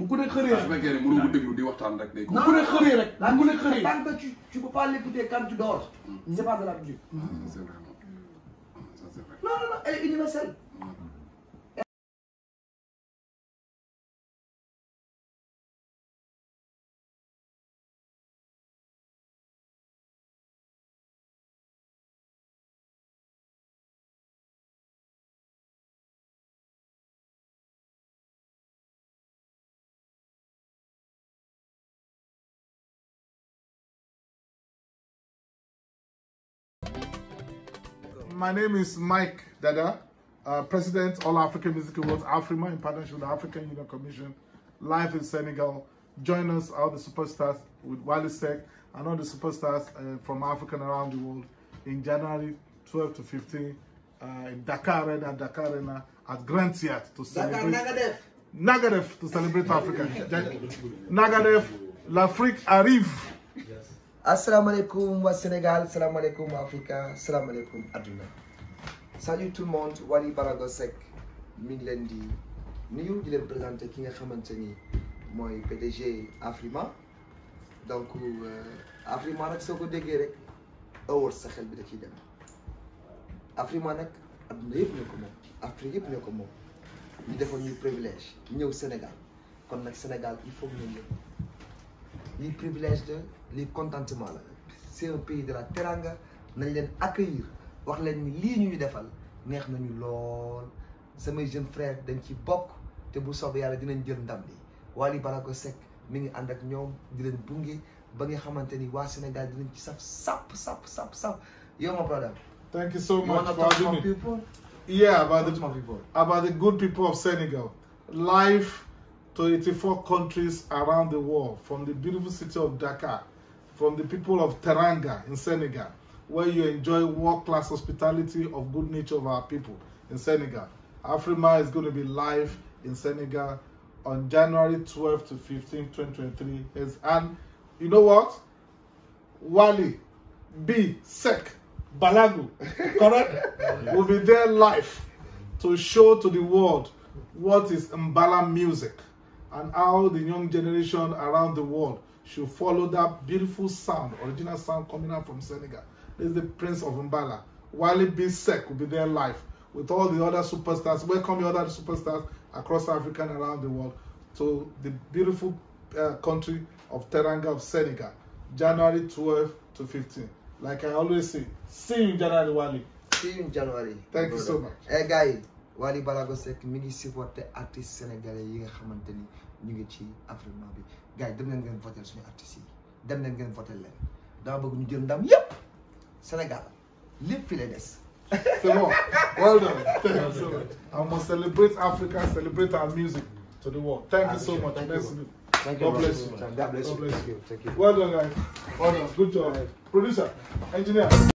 bu ku ne xëree rek. su fekkee ne mënoo ko déglu di waxtaan rek. day ko bu ku ne xëree rek bu ku ne xëree. tant que tu tu peux pas l'écouter quand tu dors. c'est pas de la musique. non non non elle est universelle. my name is Mike Dada, uh, President All African Music Awards, African Union Commission, live in Senegal. Join us, all the superstars, with Wally and all the superstars uh, from Africa around the world in January 12 to uh, at Grand to celebrate. Africa. Nagadev, l'Afrique arrive. asalaamaaleykum waa Sénégal asalaamaaleykum waa Africa asalaamaaleykum adduna salut tout le monde Wally Barago Seck mi ngi leen di nuyu di leen présenté ki nga xamante ni mooy PDG Afrima donc euh, Afrima nag soo ko déggee rek ëwër sa xel bi da ciy dem Afrima nag adduna yëpp ñoo ko moom Afrique yëpp ñoo ko moom ñu defoon ñu privilège ñëw Sénégal kon nag Sénégal il faut ñun ñëpp lii privilège la lii contentement la c'est un pays de teranga nañ leen accueillir wax leen ni lii ñuy defal neex nañu lool samay jeune frère dañ ci bokk te bu soobee yàlla dinañ jël ndam li Wally Balago Seck mi ngi ànd ak ñoom di leen bunge ba nga xamante ni waa Sénégal dinañ ci saf sap sap sap sap yow ma brother. thank you so much for people. yeah about the people of Senegal. to 84 countries around the world, from the beautiful city of Dakar, from the people of Teranga in Senegal, where you enjoy world-class hospitality of good nature of our people in Senegal. Afrima is going to be live in Senegal on January 12 to 15, 2023. Yes, and you know what? Wali, B, Sek, Balagu, correct? will be there live to show to the world what is Mbala music. and how the young generation around the world should follow that beautiful sound, original sound coming out from Senegal. This the Prince of Mbala. Wally Bisek will be there live with all the other superstars. Welcome the other superstars across Africa around the world to the beautiful uh, country of Teranga of Senegal, January Like I always say, see you January, Wally. See you January. Thank you so much. Wally Balago Seck mi ngi supporté artistes sénégalais yi nga xamante ni ñu ngi ci affrontement bi gars yi dem leen ngeen voté suñu artistes yi dem leen ngeen voté leen dama bëgg ñu jël ndam yépp Sénégal lépp fi lay des. c'est bon well done. thank you so much. I'm gonna celebrate Africa, celebrate our music to the world. thank you so much. merci beaucoup. Thank you. God bless you. God bless you. Thank you. Well done, guys. Well done. engineer.